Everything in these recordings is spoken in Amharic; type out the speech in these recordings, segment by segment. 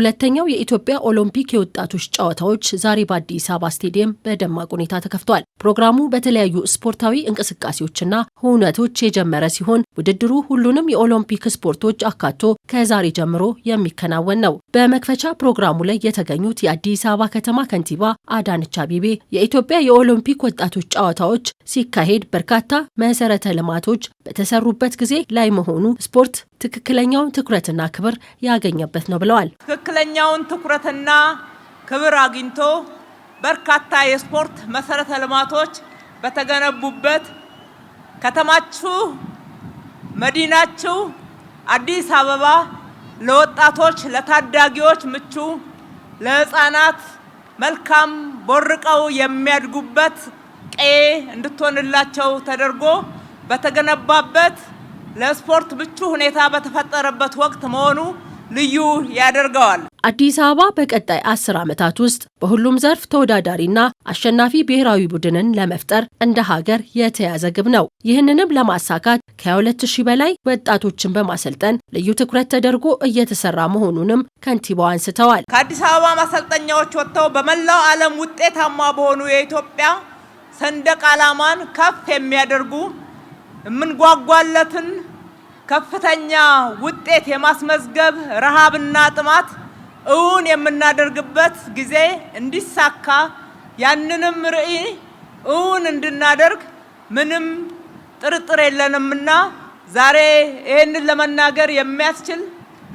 ሁለተኛው የኢትዮጵያ ኦሎምፒክ የወጣቶች ጨዋታዎች ዛሬ በአዲስ አበባ ስቴዲየም በደማቅ ሁኔታ ተከፍቷል። ፕሮግራሙ በተለያዩ ስፖርታዊ እንቅስቃሴዎችና ሁነቶች የጀመረ ሲሆን ውድድሩ ሁሉንም የኦሎምፒክ ስፖርቶች አካቶ ከዛሬ ጀምሮ የሚከናወን ነው። በመክፈቻ ፕሮግራሙ ላይ የተገኙት የአዲስ አበባ ከተማ ከንቲባ አዳነች አቤቤ የኢትዮጵያ የኦሎምፒክ ወጣቶች ጨዋታዎች ሲካሄድ በርካታ መሰረተ ልማቶች በተሰሩበት ጊዜ ላይ መሆኑ ስፖርት ትክክለኛውን ትኩረትና ክብር ያገኘበት ነው ብለዋል። ትክክለኛውን ትኩረትና ክብር አግኝቶ በርካታ የስፖርት መሰረተ ልማቶች በተገነቡበት ከተማችሁ መዲናችሁ አዲስ አበባ ለወጣቶች፣ ለታዳጊዎች ምቹ፣ ለህፃናት መልካም ቦርቀው የሚያድጉበት ቀዬ እንድትሆንላቸው ተደርጎ በተገነባበት ለስፖርት ምቹ ሁኔታ በተፈጠረበት ወቅት መሆኑ ልዩ ያደርገዋል። አዲስ አበባ በቀጣይ አስር ዓመታት ውስጥ በሁሉም ዘርፍ ተወዳዳሪና አሸናፊ ብሔራዊ ቡድንን ለመፍጠር እንደ ሀገር የተያዘ ግብ ነው። ይህንንም ለማሳካት ከ 2000 በላይ ወጣቶችን በማሰልጠን ልዩ ትኩረት ተደርጎ እየተሰራ መሆኑንም ከንቲባው አንስተዋል። ከአዲስ አበባ ማሰልጠኛዎች ወጥተው በመላው ዓለም ውጤታማ በሆኑ የኢትዮጵያ ሰንደቅ ዓላማን ከፍ የሚያደርጉ የምንጓጓለትን ከፍተኛ ውጤት የማስመዝገብ ረሃብና ጥማት እውን የምናደርግበት ጊዜ እንዲሳካ ያንንም ርእይ እውን እንድናደርግ ምንም ጥርጥር የለንምና ዛሬ ይህንን ለመናገር የሚያስችል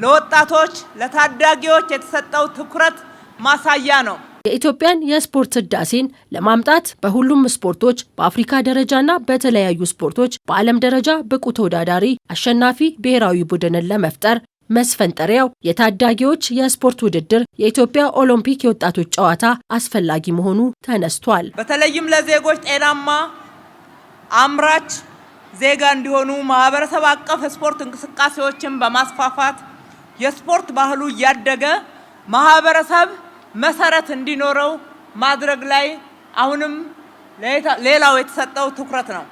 ለወጣቶች ለታዳጊዎች የተሰጠው ትኩረት ማሳያ ነው። የኢትዮጵያን የስፖርት ህዳሴን ለማምጣት በሁሉም ስፖርቶች በአፍሪካ ደረጃና በተለያዩ ስፖርቶች በዓለም ደረጃ ብቁ ተወዳዳሪ አሸናፊ ብሔራዊ ቡድንን ለመፍጠር መስፈንጠሪያው የታዳጊዎች የስፖርት ውድድር የኢትዮጵያ ኦሎምፒክ የወጣቶች ጨዋታ አስፈላጊ መሆኑ ተነስቷል። በተለይም ለዜጎች ጤናማ አምራች ዜጋ እንዲሆኑ ማህበረሰብ አቀፍ ስፖርት እንቅስቃሴዎችን በማስፋፋት የስፖርት ባህሉ እያደገ ማህበረሰብ መሰረት እንዲኖረው ማድረግ ላይ አሁንም ሌላው የተሰጠው ትኩረት ነው።